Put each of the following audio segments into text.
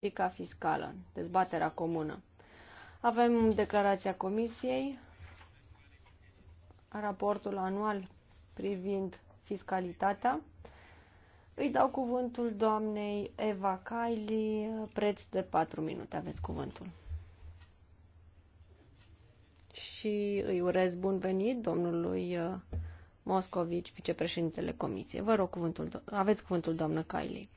politica fiscală, dezbaterea comună. Avem declarația Comisiei, raportul anual privind fiscalitatea. Îi dau cuvântul doamnei Eva Kaili, preț de 4 minute. Aveți cuvântul. Și îi urez bun venit domnului uh, Moscovici, vicepreședintele Comisiei. Vă rog cuvântul, aveți cuvântul, doamnă Kaili.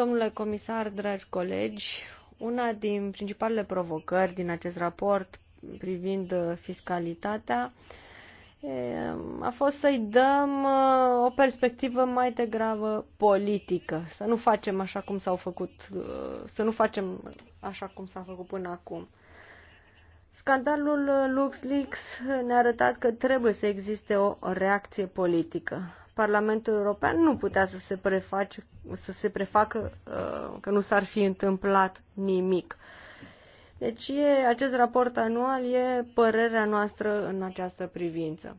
Domnule comisar, dragi colegi, una din principalele provocări din acest raport privind uh, fiscalitatea a fost să-i dăm uh, o perspectivă mai degrabă politică, să nu facem așa cum s-au făcut, uh, să nu facem așa cum s-a făcut până acum. Scandalul LuxLeaks ne-a arătat că trebuie să existe o reacție politică. Parlamentul European nu putea să se preface să se prefacă uh, că nu s-ar fi întâmplat nimic. Deci e, acest raport anual e părerea noastră în această privință.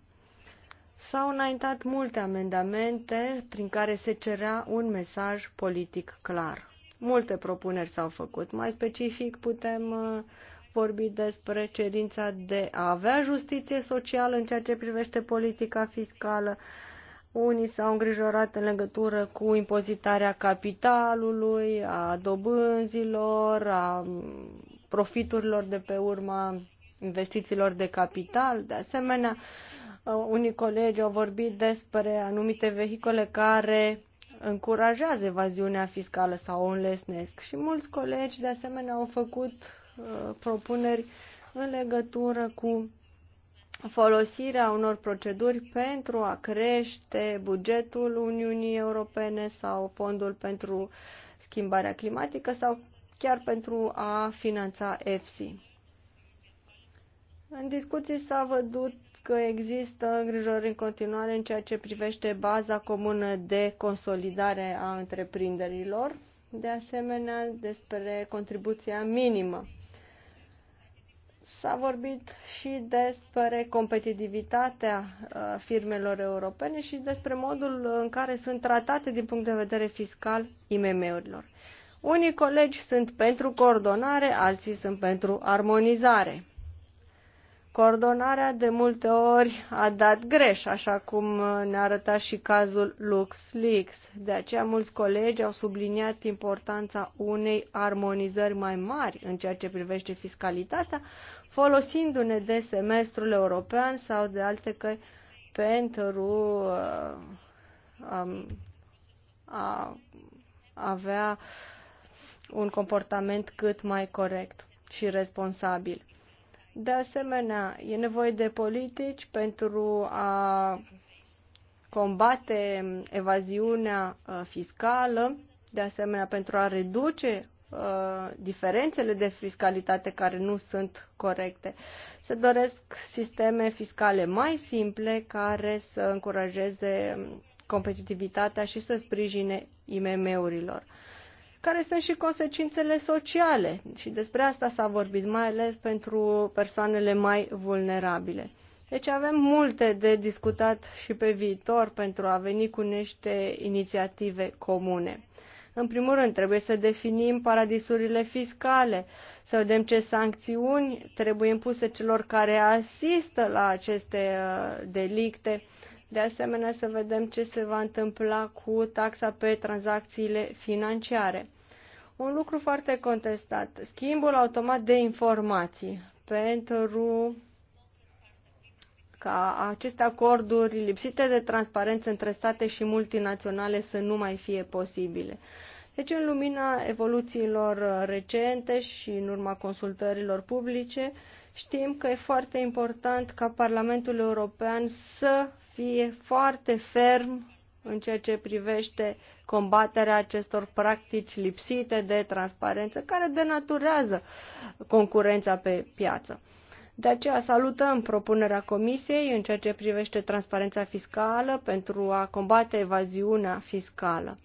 S-au înaintat multe amendamente prin care se cerea un mesaj politic clar. Multe propuneri s-au făcut. Mai specific putem uh, vorbi despre cerința de a avea justiție socială în ceea ce privește politica fiscală, unii s-au îngrijorat în legătură cu impozitarea capitalului, a dobânzilor, a profiturilor de pe urma investițiilor de capital. De asemenea, uh, unii colegi au vorbit despre anumite vehicole care încurajează evaziunea fiscală sau o înlesnesc. Și mulți colegi, de asemenea, au făcut uh, propuneri în legătură cu folosirea unor proceduri pentru a crește bugetul Uniunii Europene sau fondul pentru schimbarea climatică sau chiar pentru a finanța EFSI. În discuții s-a văzut că există îngrijorări în continuare în ceea ce privește baza comună de consolidare a întreprinderilor, de asemenea despre contribuția minimă S-a vorbit și despre competitivitatea uh, firmelor europene și despre modul în care sunt tratate din punct de vedere fiscal IMM-urilor. Unii colegi sunt pentru coordonare, alții sunt pentru armonizare. Coordonarea de multe ori a dat greș, așa cum ne arăta și cazul LuxLeaks. De aceea mulți colegi au subliniat importanța unei armonizări mai mari în ceea ce privește fiscalitatea, folosindu-ne de semestrul european sau de alte căi pentru uh, um, a avea un comportament cât mai corect și responsabil. De asemenea, e nevoie de politici pentru a combate evaziunea uh, fiscală, de asemenea pentru a reduce Uh, diferențele de fiscalitate care nu sunt corecte. Se doresc sisteme fiscale mai simple care să încurajeze competitivitatea și să sprijine IMM-urilor care sunt și consecințele sociale. Și despre asta s-a vorbit, mai ales pentru persoanele mai vulnerabile. Deci avem multe de discutat și pe viitor pentru a veni cu niște inițiative comune. În primul rând, trebuie să definim paradisurile fiscale, să vedem ce sancțiuni trebuie impuse celor care asistă la aceste uh, delicte. De asemenea, să vedem ce se va întâmpla cu taxa pe tranzacțiile financiare. Un lucru foarte contestat, schimbul automat de informații pentru ca aceste acorduri lipsite de transparență între state și multinaționale să nu mai fie posibile. Deci, în lumina evoluțiilor recente și în urma consultărilor publice, știm că e foarte important ca Parlamentul European să fie foarte ferm în ceea ce privește combaterea acestor practici lipsite de transparență care denaturează concurența pe piață. De aceea salutăm propunerea Comisiei în ceea ce privește transparența fiscală pentru a combate evaziunea fiscală.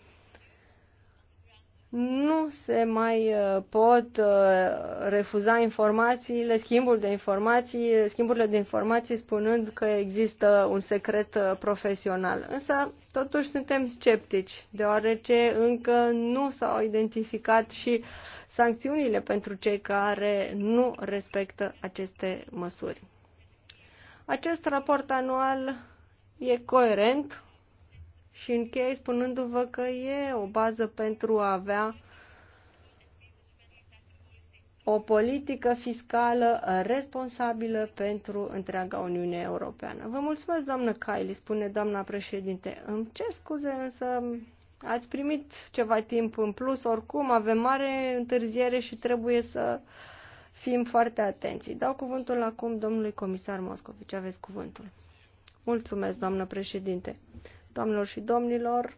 Nu se mai uh, pot uh, refuza informațiile, schimbul de informații, schimburile de informații spunând că există un secret uh, profesional. Însă, totuși, suntem sceptici, deoarece încă nu s-au identificat și uh, sancțiunile pentru cei care nu respectă aceste măsuri. Acest raport anual e coerent și închei spunându-vă că e o bază pentru a avea o politică fiscală responsabilă pentru întreaga Uniune Europeană. Vă mulțumesc, doamnă Kylie, spune doamna președinte. Îmi cer scuze, însă Ați primit ceva timp în plus, oricum avem mare întârziere și trebuie să fim foarte atenți. Dau cuvântul acum domnului comisar Moscovici. Aveți cuvântul. Mulțumesc, doamnă președinte. Doamnelor și domnilor,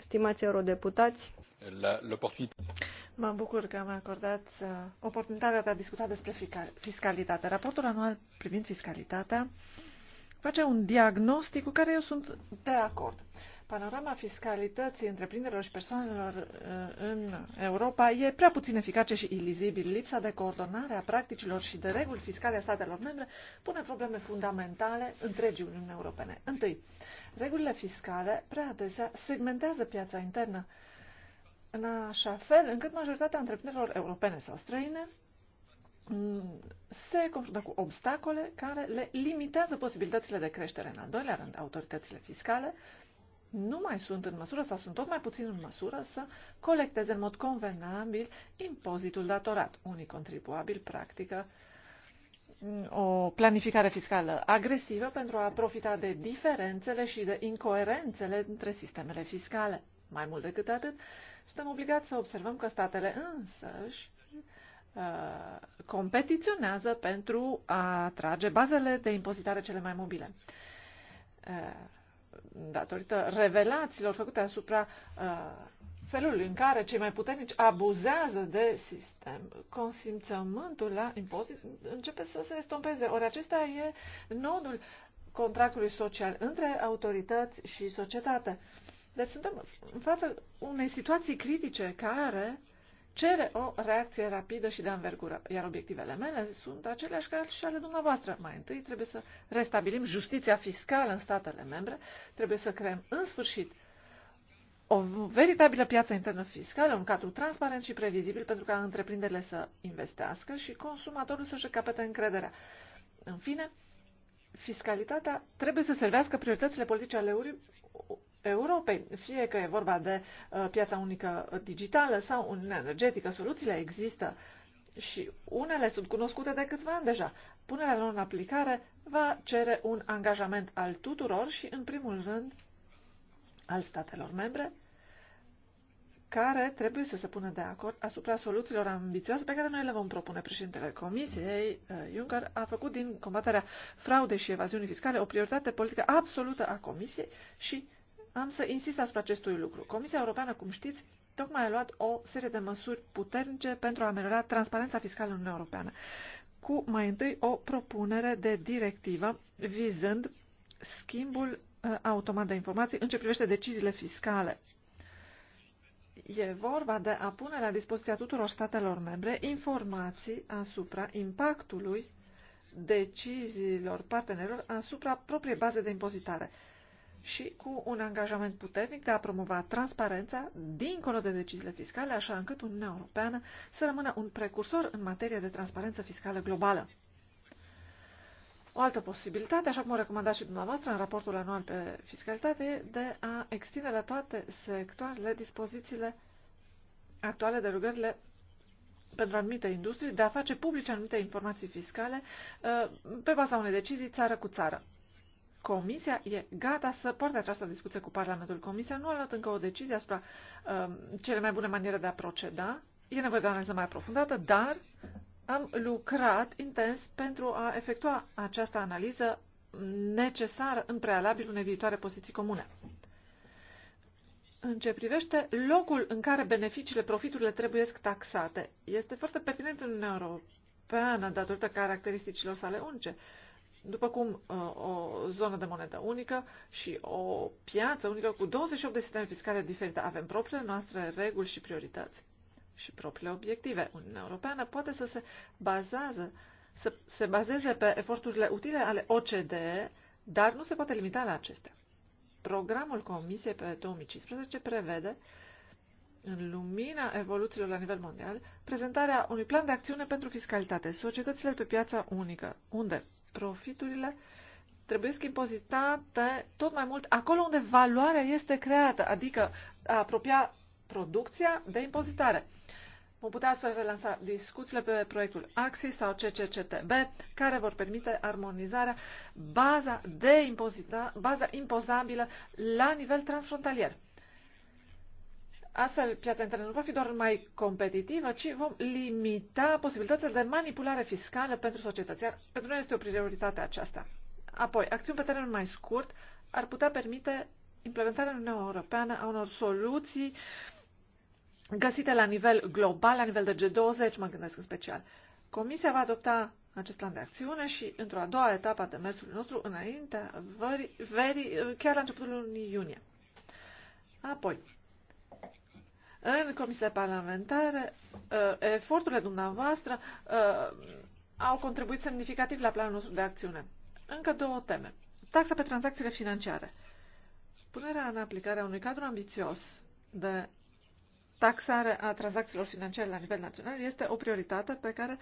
stimați eurodeputați, Mă bucur că am acordat uh, oportunitatea de a discuta despre fiscalitate. Raportul anual privind fiscalitatea face un diagnostic cu care eu sunt de acord. Panorama fiscalității întreprinderilor și persoanelor uh, în Europa e prea puțin eficace și ilizibil. Lipsa de coordonare a practicilor și de reguli fiscale a statelor membre pune probleme fundamentale întregii Uniuni Europene. Întâi, regulile fiscale prea adesea segmentează piața internă în așa fel încât majoritatea întreprinderilor europene sau străine mm, se confruntă cu obstacole care le limitează posibilitățile de creștere. În al doilea rând, autoritățile fiscale nu mai sunt în măsură sau sunt tot mai puțin în măsură să colecteze în mod convenabil impozitul datorat. Unii contribuabili practică o planificare fiscală agresivă pentru a profita de diferențele și de incoerențele între sistemele fiscale. Mai mult decât atât, suntem obligați să observăm că statele însăși uh, competiționează pentru a atrage bazele de impozitare cele mai mobile. Uh, datorită revelațiilor făcute asupra uh, felului în care cei mai puternici abuzează de sistem, consimțământul la impozit începe să se estompeze. Ori acesta e nodul contractului social între autorități și societate. Deci suntem în fața unei situații critice care uh, cere o reacție rapidă și de anvergură. Iar obiectivele mele sunt aceleași ca și ale dumneavoastră. Mai întâi trebuie să restabilim justiția fiscală în statele membre, trebuie să creăm în sfârșit o veritabilă piață internă fiscală, un cadru transparent și previzibil pentru ca întreprinderile să investească și consumatorul să-și capete încrederea. În fine, fiscalitatea trebuie să servească prioritățile politice ale Europei, fie că e vorba de uh, piața unică digitală sau uniunea energetică, soluțiile există și unele sunt cunoscute de câțiva ani deja. Punerea lor în aplicare va cere un angajament al tuturor și, în primul rând, al statelor membre, care trebuie să se pună de acord asupra soluțiilor ambițioase pe care noi le vom propune. Președintele Comisiei, uh, Juncker, a făcut din combaterea fraudei și evaziunii fiscale o prioritate politică absolută a Comisiei și am să insist asupra acestui lucru. Comisia Europeană, cum știți, tocmai a luat o serie de măsuri puternice pentru a ameliora transparența fiscală în Uniunea Europeană, cu mai întâi o propunere de directivă vizând schimbul uh, automat de informații în ce privește deciziile fiscale. E vorba de a pune la dispoziția tuturor statelor membre informații asupra impactului deciziilor partenerilor asupra propriei baze de impozitare și cu un angajament puternic de a promova transparența dincolo de deciziile fiscale, așa încât Uniunea Europeană să rămână un precursor în materie de transparență fiscală globală. O altă posibilitate, așa cum o recomandați și dumneavoastră în raportul anual pe fiscalitate, e de a extinde la toate sectoarele dispozițiile actuale de rugările pentru anumite industrii de a face publice anumite informații fiscale uh, pe baza unei decizii țară cu țară. Comisia e gata să poarte această discuție cu Parlamentul. Comisia nu a luat încă o decizie asupra um, cele mai bune maniere de a proceda. E nevoie de o analiză mai aprofundată, dar am lucrat intens pentru a efectua această analiză necesară în prealabil unei viitoare poziții comune. În ce privește locul în care beneficiile, profiturile trebuie taxate, este foarte pertinent în Uniunea Europeană datorită caracteristicilor sale unice. Uh, după cum uh, o zonă de monedă unică și o piață unică cu 28 de sisteme fiscale diferite. Avem propriile noastre reguli și priorități și propriile obiective. Uniunea Europeană poate să se bazează, să se bazeze pe eforturile utile ale OCDE, dar nu se poate limita la acestea. Programul Comisiei pe 2015 prevede uh, în lumina evoluțiilor la nivel mondial, prezentarea unui plan de acțiune pentru fiscalitate, societățile pe piața unică, unde profiturile trebuie impozitate tot mai mult acolo unde valoarea este creată, adică a apropia producția de impozitare. Vom putea astfel relansa discuțiile pe proiectul AXIS sau CCCTB, care vor permite armonizarea baza, de impozita, baza impozabilă la nivel transfrontalier. Astfel, piața internă nu va fi doar mai competitivă, ci vom limita posibilitatea de manipulare fiscală pentru societăți. Iar pentru noi este o prioritate aceasta. Apoi, acțiuni pe termen mai scurt ar putea permite implementarea în Uniunea Europeană a unor soluții găsite la nivel global, la nivel de G20, mă gândesc în special. Comisia va adopta acest plan de acțiune și, într-o a doua etapă a demersului nostru, înainte verii, veri, chiar la începutul lunii iunie. Apoi, în comisiile parlamentare, uh, eforturile dumneavoastră uh, au contribuit semnificativ la planul nostru de acțiune. Încă două teme. Taxa pe tranzacțiile financiare. Punerea în aplicare a unui cadru ambițios de taxare a tranzacțiilor financiare la nivel național este o prioritate pe care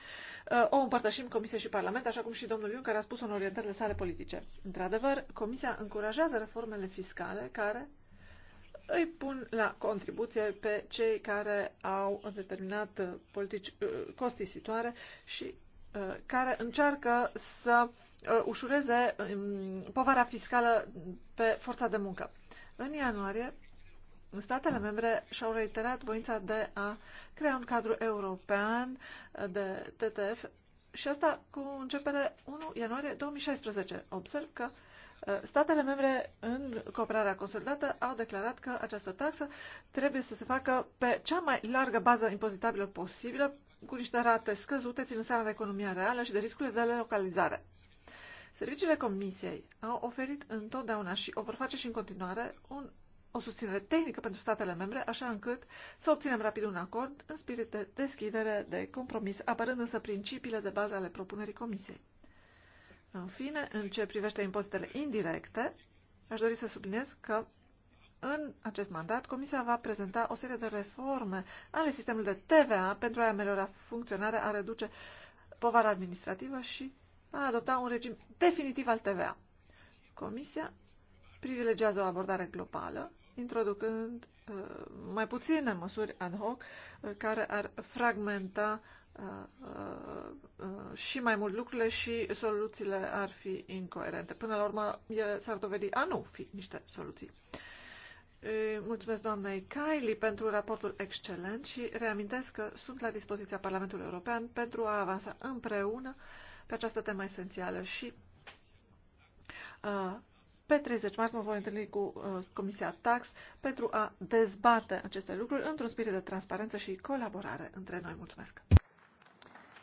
uh, o împărtășim Comisia și Parlament, așa cum și domnul Juncker a spus în orientările sale politice. Într-adevăr, Comisia încurajează reformele fiscale care îi pun la contribuție pe cei care au determinat politici uh, costisitoare și uh, care încearcă să uh, ușureze um, povara fiscală pe forța de muncă. În ianuarie, statele membre și-au reiterat voința de a crea un cadru european de TTF și asta cu începere 1 ianuarie 2016. Observ că uh, Statele membre, în cooperarea consolidată, au declarat că această taxă trebuie să se facă pe cea mai largă bază impozitabilă posibilă, cu niște rate scăzute, ținând seama de economia reală și de riscurile de localizare. Serviciile Comisiei au oferit întotdeauna și o vor face și în continuare un, o susținere tehnică pentru statele membre, așa încât să obținem rapid un acord în spirit de deschidere, de compromis, apărând însă principiile de bază ale propunerii Comisiei. În fine, în ce privește impozitele indirecte, aș dori să subliniez că în acest mandat, Comisia va prezenta o serie de reforme ale sistemului de TVA pentru a ameliora funcționarea, a reduce povara administrativă și a adopta un regim definitiv al TVA. Comisia privilegiază o abordare globală, introducând uh, mai puține măsuri ad hoc uh, care ar fragmenta și mai mult lucrurile și soluțiile ar fi incoerente. Până la urmă, ele s-ar dovedi a nu fi niște soluții. Mulțumesc doamnei Kylie pentru raportul excelent și reamintesc că sunt la dispoziția Parlamentului European pentru a avansa împreună pe această temă esențială și uh, pe 30 marți mă voi întâlni cu uh, Comisia Tax pentru a dezbate aceste lucruri într-un spirit de transparență și colaborare între noi. Mulțumesc!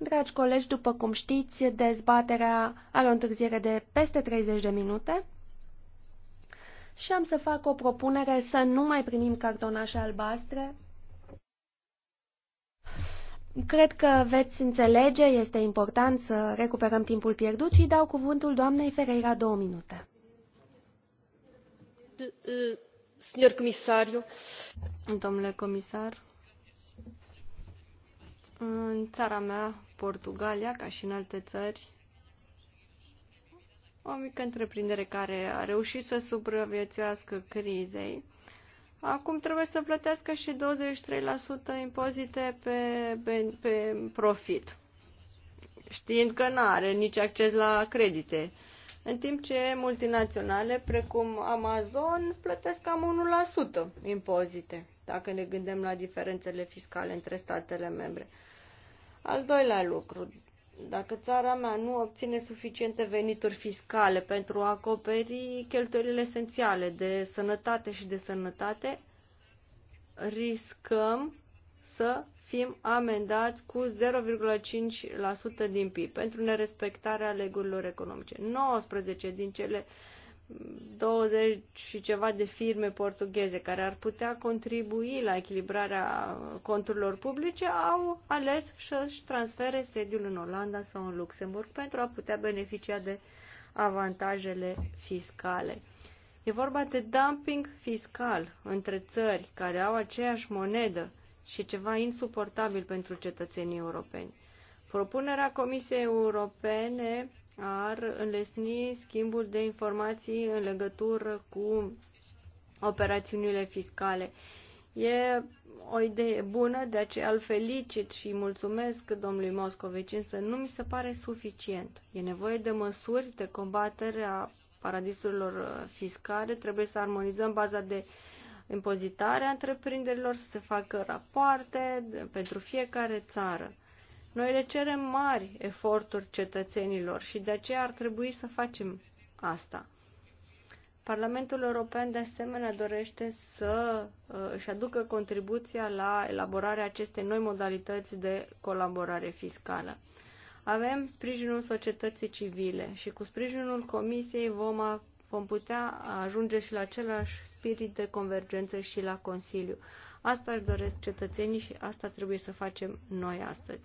Dragi colegi, după cum știți, dezbaterea are o întârziere de peste 30 de minute și am să fac o propunere să nu mai primim cartonașe albastre. Cred că veți înțelege, este important să recuperăm timpul pierdut și dau cuvântul doamnei Ferreira două minute. Domnule comisar, în țara mea, Portugalia, ca și în alte țări, o mică întreprindere care a reușit să supraviețuiască crizei, acum trebuie să plătească și 23% impozite pe, pe, profit, știind că nu are nici acces la credite. În timp ce multinaționale, precum Amazon, plătesc cam 1% impozite, dacă ne gândim la diferențele fiscale între statele membre. Al doilea lucru, dacă țara mea nu obține suficiente venituri fiscale pentru a acoperi cheltuielile esențiale de sănătate și de sănătate, riscăm să fim amendați cu 0,5% din PIB pentru nerespectarea legurilor economice. 19 din cele 20 și ceva de firme portugheze care ar putea contribui la echilibrarea conturilor publice au ales să-și transfere sediul în Olanda sau în Luxemburg pentru a putea beneficia de avantajele fiscale. E vorba de dumping fiscal între țări care au aceeași monedă și ceva insuportabil pentru cetățenii europeni. Propunerea Comisiei Europene ar înlesni schimbul de informații în legătură cu operațiunile fiscale. E o idee bună, de aceea îl felicit și mulțumesc domnului Moscovici, însă nu mi se pare suficient. E nevoie de măsuri de combatere a paradisurilor uh, fiscale, trebuie să armonizăm baza de impozitare a întreprinderilor, să se facă rapoarte pentru fiecare țară. Noi le cerem mari eforturi cetățenilor și de aceea ar trebui să facem asta. Parlamentul European de asemenea dorește să uh, își aducă contribuția la elaborarea acestei noi modalități de colaborare fiscală. Avem sprijinul societății civile și cu sprijinul Comisiei vom, a, vom putea ajunge și la același spirit de convergență și la Consiliu. Asta își doresc cetățenii și asta trebuie să facem noi astăzi.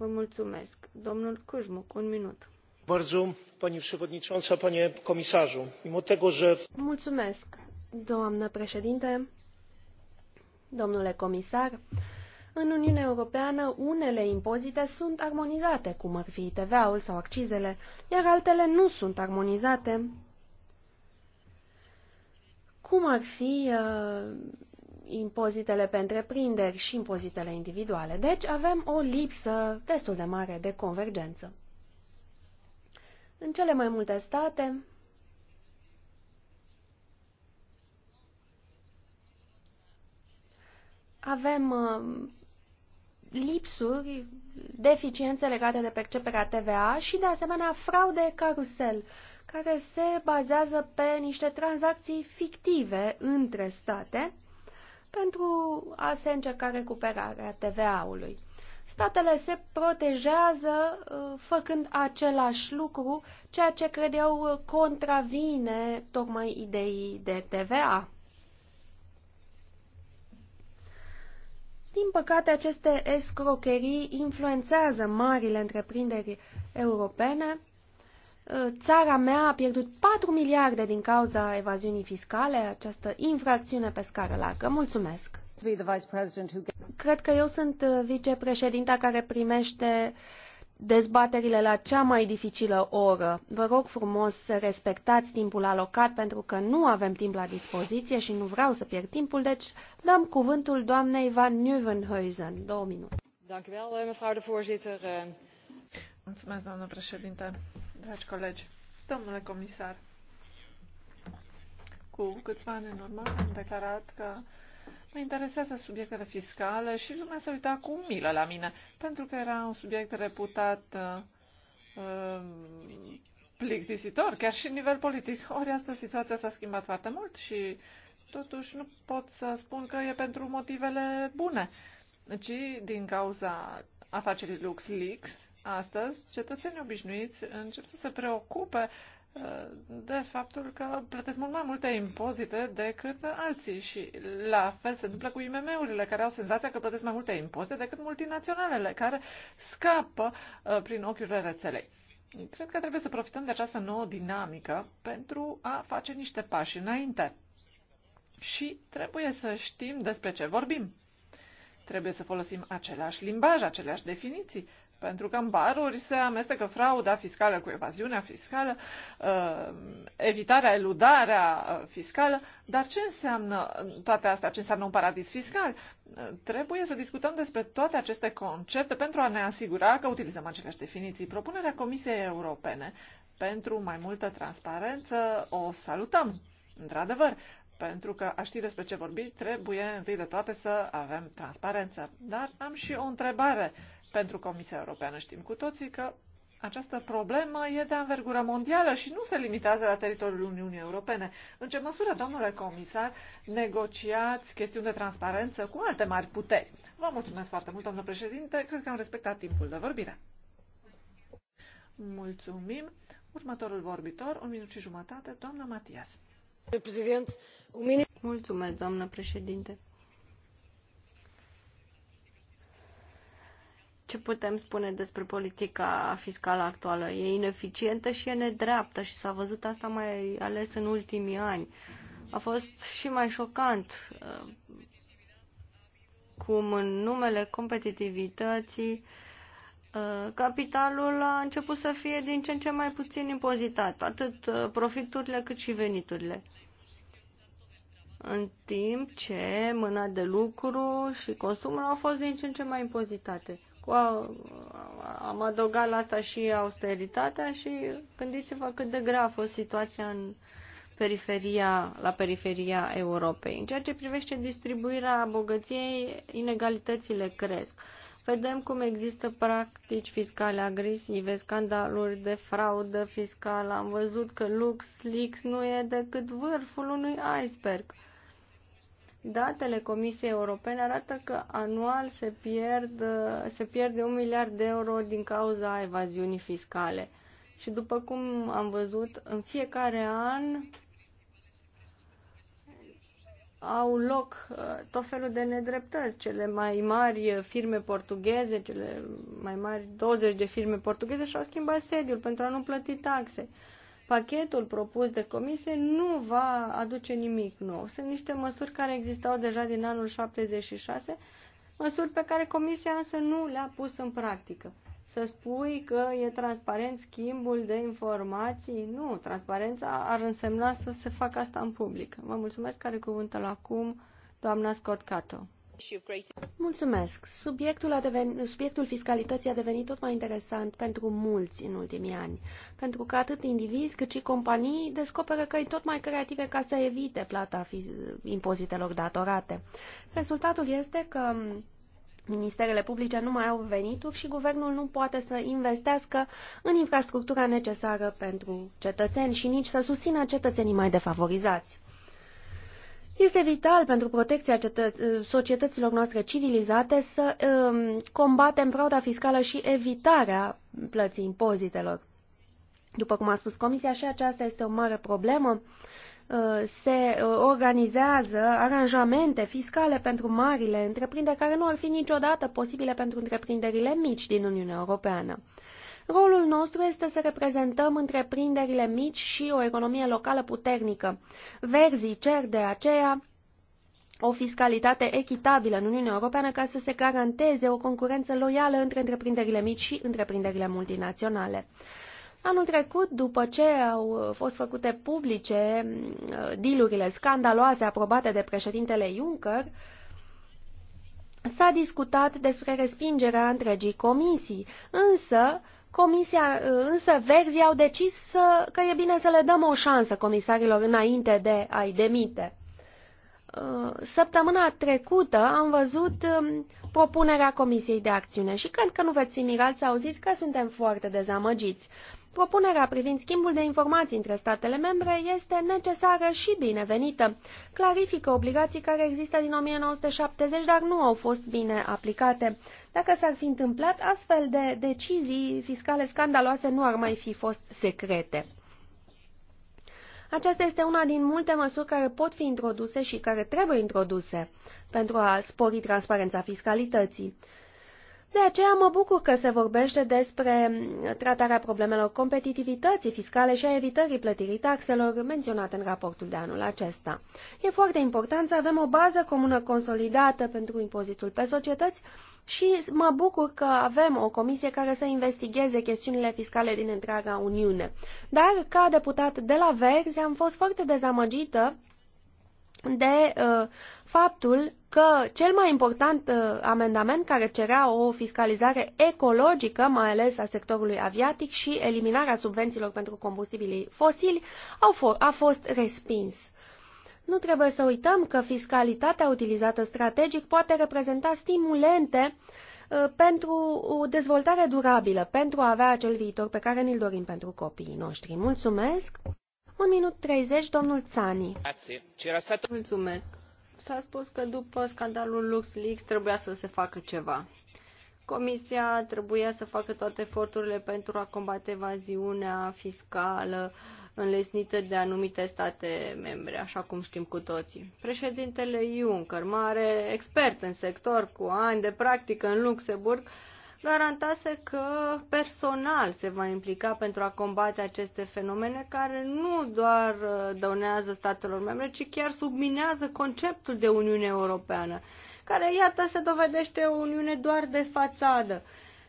Vă mulțumesc. Domnul Cușmuc, un minut. Pani przewodnicząca, panie komisarzu, mimo tego, że... Mulțumesc, doamnă președinte, domnule comisar. În Uniunea Europeană, unele impozite sunt armonizate, cum ar fi TVA-ul sau accizele, iar altele nu sunt armonizate, cum ar fi uh, impozitele pe întreprinderi și impozitele individuale. Deci avem o lipsă destul de mare de convergență. În cele mai multe state, avem uh, lipsuri, deficiențe legate de perceperea TVA și, de asemenea, fraude carusel, care se bazează pe niște tranzacții fictive între state, pentru a se încerca recuperarea TVA-ului. Statele se protejează uh, făcând același lucru, ceea ce cred eu uh, contravine tocmai ideii de TVA. Din păcate, aceste escrocherii influențează marile întreprinderi europene Țara mea a pierdut 4 miliarde din cauza evaziunii fiscale, această infracțiune pe scară largă. Mulțumesc! Cred că eu sunt uh, vicepreședinta care primește dezbaterile la cea mai dificilă oră. Vă rog frumos să respectați timpul alocat pentru că nu avem timp la dispoziție și nu vreau să pierd timpul, deci dăm cuvântul doamnei Van Nieuwenhuizen. Două minute. Dank u wel, eh, mevrouw de voorzitter. Eh, Mulțumesc, doamnă președinte, dragi colegi, domnule comisar. Cu câțiva ani în urmă am declarat că mă interesează subiectele fiscale și lumea se uita cu milă la mine, pentru că era un subiect reputat uh, uh plictisitor, chiar și în nivel politic. Ori asta situația s-a schimbat foarte mult și totuși nu pot să spun că e pentru motivele bune, ci din cauza afacerii LuxLeaks Astăzi, cetățenii obișnuiți încep să se preocupe uh, de faptul că plătesc mult mai multe impozite decât alții și la fel se întâmplă cu IMM-urile care au senzația că plătesc mai multe impozite decât multinaționalele care scapă uh, prin ochiurile rețelei. Cred că trebuie să profităm de această nouă dinamică pentru a face niște pași înainte. Și trebuie să știm despre ce vorbim. Trebuie să folosim același limbaj, aceleași definiții pentru că în baruri se amestecă frauda fiscală cu evaziunea fiscală, uh, evitarea, eludarea uh, fiscală. Dar ce înseamnă toate astea? Ce înseamnă un paradis fiscal? Uh, trebuie să discutăm despre toate aceste concepte pentru a ne asigura că utilizăm aceleași definiții. Propunerea Comisiei Europene pentru mai multă transparență o salutăm. Într-adevăr, pentru că a ști despre ce vorbi, trebuie întâi de toate să avem transparență. Dar am și o întrebare pentru Comisia Europeană. Știm cu toții că această problemă e de anvergură mondială și nu se limitează la teritoriul Uniunii Europene. În ce măsură, domnule comisar, negociați chestiuni de transparență cu alte mari puteri? Vă mulțumesc foarte mult, domnule președinte. Cred că am respectat timpul de vorbire. Mulțumim. Următorul vorbitor, un minut și jumătate, doamna Matias. Președinte, Mulțumesc, doamnă președinte. ce putem spune despre politica fiscală actuală? E ineficientă și e nedreaptă și s-a văzut asta mai ales în ultimii ani. A fost și mai șocant uh, cum în numele competitivității uh, capitalul a început să fie din ce în ce mai puțin impozitat, atât uh, profiturile cât și veniturile în timp ce mâna de lucru și consumul au fost din ce în ce mai impozitate. Cu a, am adăugat la asta și austeritatea și gândiți-vă cât de grea a fost situația în periferia, la periferia Europei. În ceea ce privește distribuirea bogăției, inegalitățile cresc. Vedem cum există practici fiscale agresive, scandaluri de fraudă fiscală. Am văzut că LuxLeaks nu e decât vârful unui iceberg. Datele Comisiei Europene arată că anual se pierd, se pierde un miliard de euro din cauza evaziunii fiscale. Și după cum am văzut, în fiecare an au loc uh, tot felul de nedreptăți. Cele mai mari firme portugheze, cele mai mari 20 de firme portugheze și-au schimbat sediul pentru a nu plăti taxe pachetul propus de comisie nu va aduce nimic nou. Sunt niște măsuri care existau deja din anul 76, măsuri pe care comisia însă nu le-a pus în practică. Să spui că e transparent schimbul de informații? Nu, transparența ar însemna să se facă asta în public. Vă mulțumesc, care cuvântul acum, doamna Scott Cato. Mulțumesc. Subiectul, a subiectul fiscalității a devenit tot mai interesant pentru mulți în ultimii ani, pentru că atât indivizi cât și companii descoperă căi tot mai creative ca să evite plata impozitelor datorate. Rezultatul este că Ministerele publice nu mai au venituri și guvernul nu poate să investească în infrastructura necesară pentru cetățeni și nici să susțină cetățenii mai defavorizați. Este vital pentru protecția societăților noastre civilizate să um, combatem frauda fiscală și evitarea plății impozitelor. După cum a spus Comisia, și aceasta este o mare problemă. Uh, se uh, organizează aranjamente fiscale pentru marile întreprinderi care nu ar fi niciodată posibile pentru întreprinderile mici din Uniunea Europeană. Rolul nostru este să reprezentăm întreprinderile mici și o economie locală puternică. Verzii cer de aceea o fiscalitate echitabilă în Uniunea Europeană ca să se garanteze o concurență loială între întreprinderile mici și întreprinderile multinaționale. Anul trecut, după ce au fost făcute publice uh, dilurile scandaloase aprobate de președintele Juncker, s-a discutat despre respingerea întregii comisii, însă Comisia, uh, însă verzii au decis că e bine să le dăm o șansă comisarilor înainte de a-i demite. Uh, săptămâna trecută am văzut um, propunerea Comisiei de Acțiune și cred că nu veți fi mirați să auziți că suntem foarte dezamăgiți. Propunerea privind schimbul de informații între statele membre este necesară și binevenită. Clarifică obligații care există din 1970, dar nu au fost bine aplicate. Dacă s-ar fi întâmplat, astfel de decizii fiscale scandaloase nu ar mai fi fost secrete. Aceasta este una din multe măsuri care pot fi introduse și care trebuie introduse pentru a spori transparența fiscalității. De aceea mă bucur că se vorbește despre tratarea problemelor competitivității fiscale și a evitării plătirii taxelor menționate în raportul de anul acesta. E foarte important să avem o bază comună consolidată pentru impozitul pe societăți și mă bucur că avem o comisie care să investigheze chestiunile fiscale din întreaga Uniune. Dar, ca deputat de la Verzi, am fost foarte dezamăgită de uh, faptul că cel mai important uh, amendament care cerea o fiscalizare ecologică, mai ales a sectorului aviatic și eliminarea subvențiilor pentru combustibilii fosili, a fost respins. Nu trebuie să uităm că fiscalitatea utilizată strategic poate reprezenta stimulente uh, pentru o dezvoltare durabilă, pentru a avea acel viitor pe care ni-l dorim pentru copiii noștri. Mulțumesc! Un minut 30, domnul Țani. Mulțumesc! S-a spus că după scandalul LuxLeaks trebuia să se facă ceva. Comisia trebuia să facă toate eforturile pentru a combate evaziunea fiscală înlesnită de anumite state membre, așa cum știm cu toții. Președintele Juncker, mare expert în sector cu ani de practică în Luxemburg, garantase că personal se va implica pentru a combate aceste fenomene care nu doar uh, dăunează statelor membre, ci chiar subminează conceptul de Uniune Europeană, care, iată, se dovedește o Uniune doar de fațadă.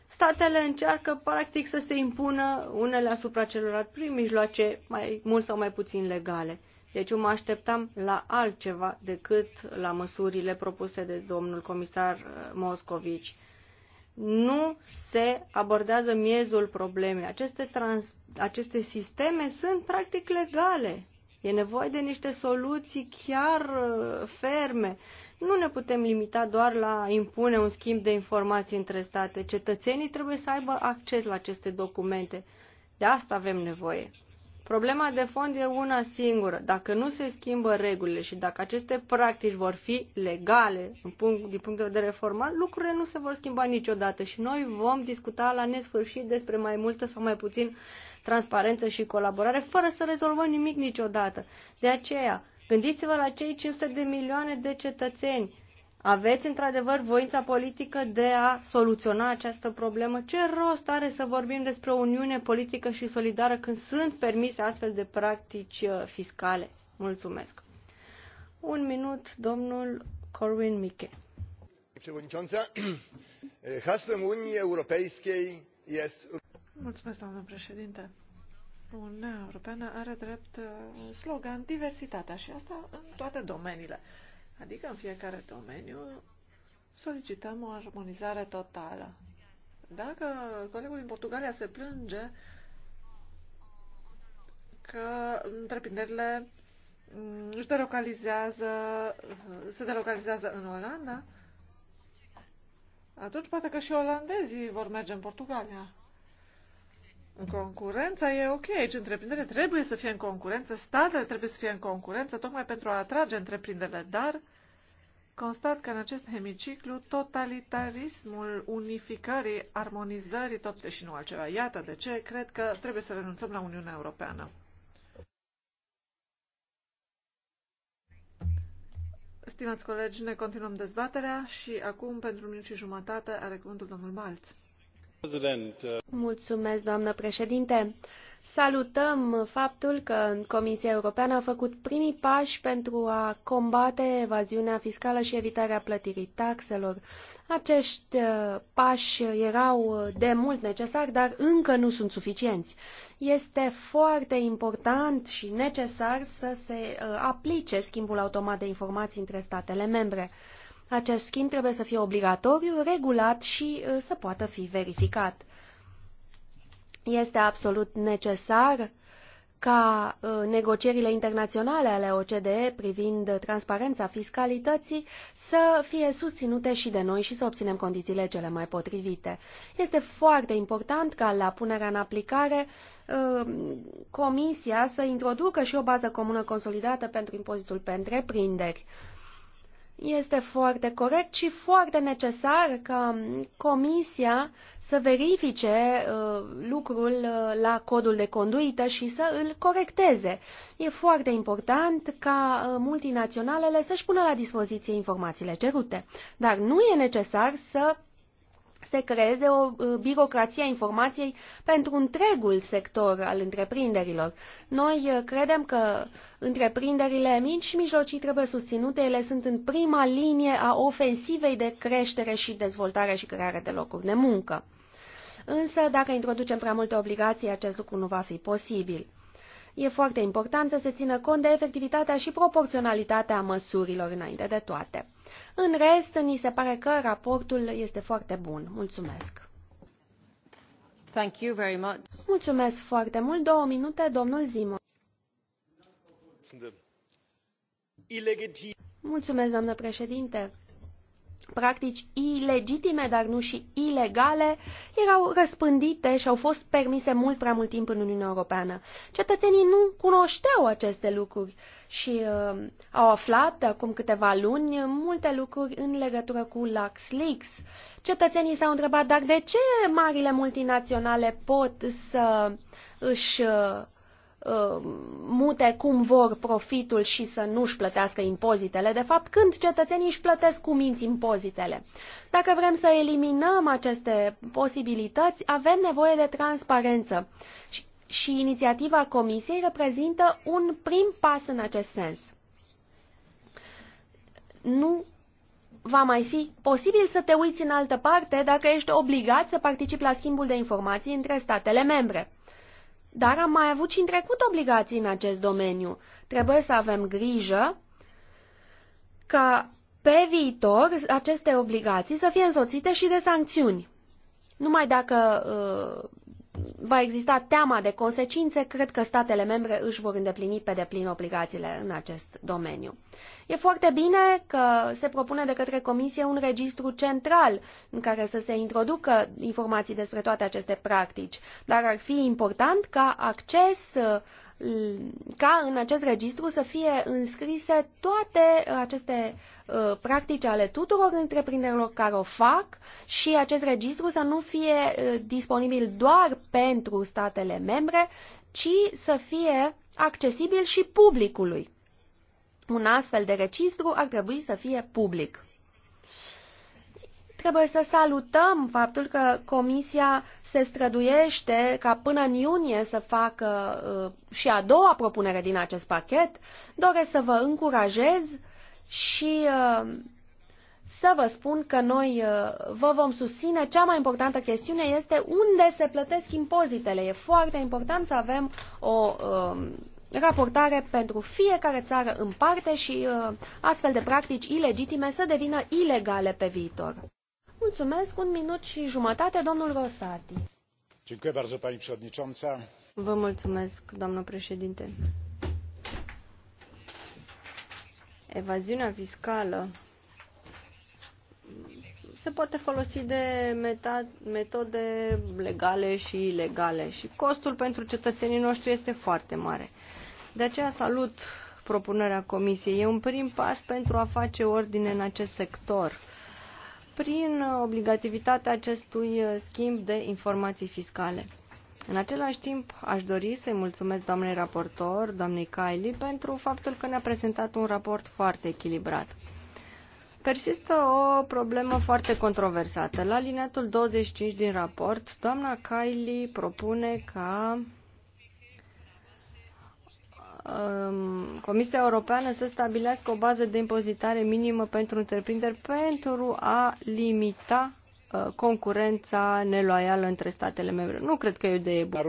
Statele încearcă, practic, să se impună unele asupra celorlalți prin mijloace mai mult sau mai puțin legale. Deci eu mă așteptam la altceva decât la măsurile propuse de domnul comisar uh, Moscovici nu se abordează miezul problemei. Aceste, trans, aceste sisteme sunt practic legale. E nevoie de niște soluții chiar uh, ferme. Nu ne putem limita doar la impune un schimb de informații între state. Cetățenii trebuie să aibă acces la aceste documente. De asta avem nevoie. Problema de fond e una singură. Dacă nu se schimbă regulile și dacă aceste practici vor fi legale în punct, din punct de vedere formal, lucrurile nu se vor schimba niciodată și noi vom discuta la nesfârșit despre mai multă sau mai puțin transparență și colaborare fără să rezolvăm nimic niciodată. De aceea, gândiți-vă la cei 500 de milioane de cetățeni aveți într-adevăr voința politică de a soluționa această problemă? Ce rost are să vorbim despre o uniune politică și solidară când sunt permise astfel de practici uh, fiscale? Mulțumesc. Un minut, domnul Corwin Miche. Mulțumesc, doamnă președinte. Uniunea Europeană are drept uh, slogan diversitatea și asta în toate domeniile. Adică în fiecare domeniu solicităm o armonizare totală. Dacă colegul din Portugalia se plânge că întreprinderile își delocalizează, se delocalizează în Olanda, atunci poate că și olandezii vor merge în Portugalia. În concurența e ok, aici întreprinderile trebuie să fie în concurență, statele trebuie să fie în concurență, tocmai pentru a atrage întreprinderile, dar Constat că în acest hemiciclu totalitarismul unificării, armonizării, tot și nu altceva. Iată de ce cred că trebuie să renunțăm la Uniunea Europeană. Stimați colegi, ne continuăm dezbaterea și acum, pentru un minut și jumătate, are cuvântul domnul Balț. Uh, Mulțumesc, doamnă președinte. Salutăm faptul că Comisia Europeană a făcut primii pași pentru a combate evaziunea fiscală și evitarea plătirii taxelor. Acești uh, pași erau uh, de mult necesari, dar încă nu sunt suficienți. Este foarte important și necesar să se aplice schimbul automat de informații între statele membre. Acest schimb trebuie să fie obligatoriu, regulat și uh, să poată fi verificat. Este absolut necesar ca uh, negocierile internaționale ale OCDE privind transparența fiscalității să fie susținute și de noi și să obținem condițiile cele mai potrivite. Este foarte important ca la punerea în aplicare uh, Comisia să introducă și o bază comună consolidată pentru impozitul pe întreprinderi. Este foarte corect și foarte necesar ca Comisia să verifice uh, lucrul uh, la codul de conduită și să îl corecteze. E foarte important ca uh, multinaționalele să-și pună la dispoziție informațiile cerute, dar nu e necesar să se creeze o uh, birocrație a informației pentru întregul sector al întreprinderilor. Noi uh, credem că întreprinderile mici și mijlocii trebuie susținute, ele sunt în prima linie a ofensivei de creștere și dezvoltare și creare de locuri de muncă. Însă, dacă introducem prea multe obligații, acest lucru nu va fi posibil. E foarte important să se țină cont de efectivitatea și proporționalitatea măsurilor înainte de toate. În rest, ni se pare că raportul este foarte bun. Mulțumesc! Thank you very much. Mulțumesc foarte mult. Două minute, domnul Zimă. Mulțumesc, doamnă președinte practici ilegitime, dar nu și ilegale, erau răspândite și au fost permise mult prea mult timp în Uniunea Europeană. Cetățenii nu cunoșteau aceste lucruri și uh, au aflat de acum câteva luni multe lucruri în legătură cu LuxLeaks. Cetățenii s-au întrebat, dar de ce marile multinaționale pot să își uh, Uh, mute cum vor profitul și să nu-și plătească impozitele, de fapt când cetățenii își plătesc cu minți impozitele. Dacă vrem să eliminăm aceste posibilități, avem nevoie de transparență și, și inițiativa Comisiei reprezintă un prim pas în acest sens. Nu va mai fi posibil să te uiți în altă parte dacă ești obligat să participi la schimbul de informații între statele membre. Dar am mai avut și în trecut obligații în acest domeniu. Trebuie să avem grijă ca pe viitor aceste obligații să fie însoțite și de sancțiuni. Numai dacă uh, va exista teama de consecințe, cred că statele membre își vor îndeplini pe deplin obligațiile în acest domeniu. E foarte bine că se propune de către Comisie un registru central în care să se introducă informații despre toate aceste practici, dar ar fi important ca acces ca în acest registru să fie înscrise toate aceste uh, practici ale tuturor întreprinderilor care o fac și acest registru să nu fie uh, disponibil doar pentru statele membre, ci să fie accesibil și publicului. Un astfel de registru ar trebui să fie public. Trebuie să salutăm faptul că Comisia se străduiește ca până în iunie să facă uh, și a doua propunere din acest pachet. Doresc să vă încurajez și uh, să vă spun că noi uh, vă vom susține. Cea mai importantă chestiune este unde se plătesc impozitele. E foarte important să avem o raportare pentru fiecare țară în parte și astfel de practici ilegitime să devină ilegale pe viitor. Mulțumesc. Un minut și jumătate, domnul Rosati. Vă mulțumesc, doamnă președinte. Evaziunea fiscală se poate folosi de metode legale și ilegale și costul pentru cetățenii noștri este foarte mare. De aceea salut propunerea Comisiei. E un prim pas pentru a face ordine în acest sector prin uh, obligativitatea acestui uh, schimb de informații fiscale. În același timp, aș dori să-i mulțumesc doamnei raportor, doamnei Kylie, pentru faptul că ne-a prezentat un raport foarte echilibrat. Persistă o problemă foarte controversată. La alineatul 25 din raport, doamna Kylie propune ca Um, Comisia Europeană să stabilească o bază de impozitare minimă pentru întreprinderi pentru a limita uh, concurența neloială între statele membre. Nu cred că e o idee bună.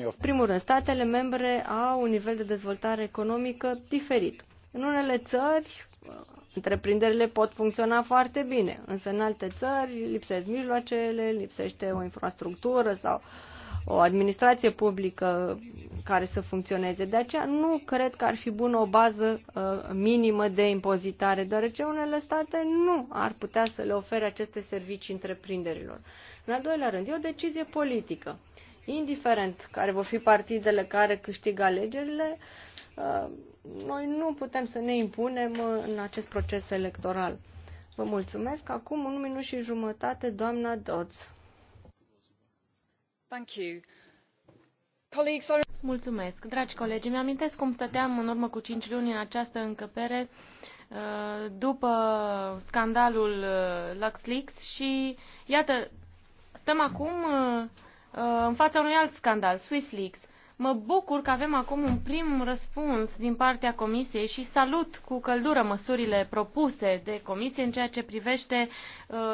În primul rând, statele membre au un nivel de dezvoltare economică diferit. În unele țări, uh, întreprinderile pot funcționa foarte bine, însă în alte țări lipsesc mijloacele, lipsește o infrastructură sau uh, o administrație publică care să funcționeze. De aceea nu cred că ar fi bună o bază uh, minimă de impozitare, deoarece unele state nu ar putea să le ofere aceste servicii întreprinderilor. În al doilea rând, e o decizie politică. Indiferent care vor fi partidele care câștigă alegerile, uh, noi nu putem să ne impunem uh, în acest proces electoral. Vă mulțumesc. Acum un minut și jumătate, doamna Dodds. Mulțumesc. Dragi colegi, îmi amintesc cum stăteam în urmă cu cinci luni în această încăpere uh, după scandalul uh, LuxLeaks și iată, stăm acum uh, în fața unui alt scandal, SwissLeaks. Mă bucur că avem acum un prim răspuns din partea Comisiei și salut cu căldură măsurile propuse de Comisie în ceea ce privește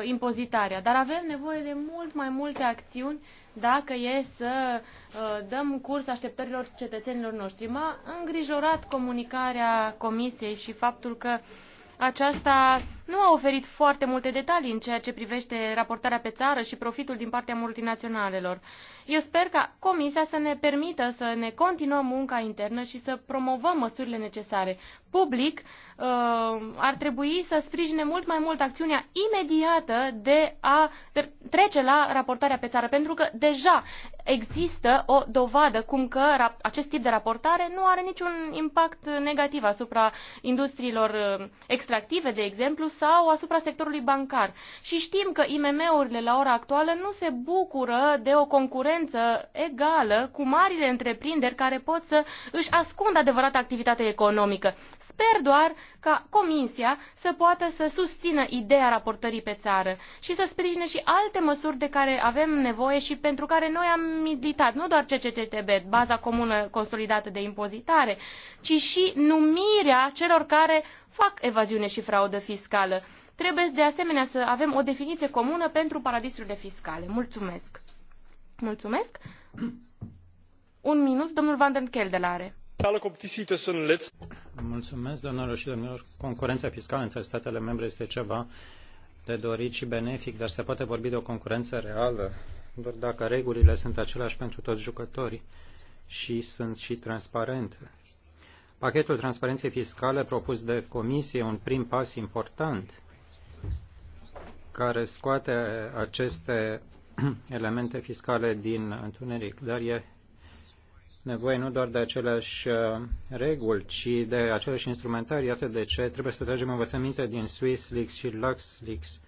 impozitarea. Dar avem nevoie de mult mai multe acțiuni dacă e să uh, dăm curs așteptărilor cetățenilor noștri. M-a îngrijorat comunicarea Comisiei și faptul că aceasta nu a oferit foarte multe detalii în ceea ce privește raportarea pe țară și profitul din partea multinaționalelor. Eu sper ca Comisia să ne permită să ne continuăm munca internă și să promovăm măsurile necesare public uh, ar trebui să sprijine mult mai mult acțiunea imediată de a trece la raportarea pe țară, pentru că deja există o dovadă cum că acest tip de raportare nu are niciun impact negativ asupra industriilor uh, extractive, de exemplu, sau asupra sectorului bancar. Și știm că IMM-urile la ora actuală nu se bucură de o concurență egală cu marile întreprinderi care pot să își ascundă adevărata activitate economică. Sper doar ca Comisia să poată să susțină ideea raportării pe țară și să sprijine și alte măsuri de care avem nevoie și pentru care noi am militat, nu doar CCTB, baza comună consolidată de impozitare, ci și numirea celor care fac evaziune și fraudă fiscală. Trebuie de asemenea să avem o definiție comună pentru paradisurile fiscale. Mulțumesc! Mulțumesc! Un minut, domnul Van den Keldelare. Mulțumesc, doamnelor și domnilor. Concurența fiscală între statele membre este ceva de dorit și benefic, dar se poate vorbi de o concurență reală doar dacă regulile sunt aceleași pentru toți jucătorii și sunt și transparente. Pachetul transparenței fiscale propus de comisie un prim pas important care scoate aceste elemente fiscale din întuneric, dar e nevoie nu doar de aceleași uh, reguli, ci de aceleași instrumentari. Iată de ce trebuie să tragem învățăminte din SwissLeaks și LuxLeaks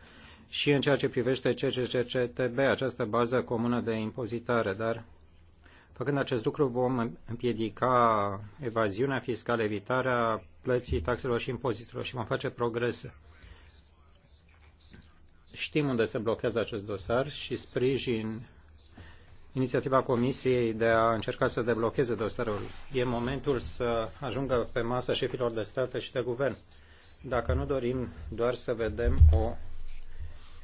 și în ceea ce privește CCCTB, această bază comună de impozitare, dar făcând acest lucru vom împiedica evaziunea fiscală, evitarea plății taxelor și impozitelor și vom face progrese. Știm unde se blochează acest dosar și sprijin inițiativa Comisiei de a încerca să deblocheze dosarul. E momentul să ajungă pe masă șefilor de state și de guvern. Dacă nu dorim doar să vedem o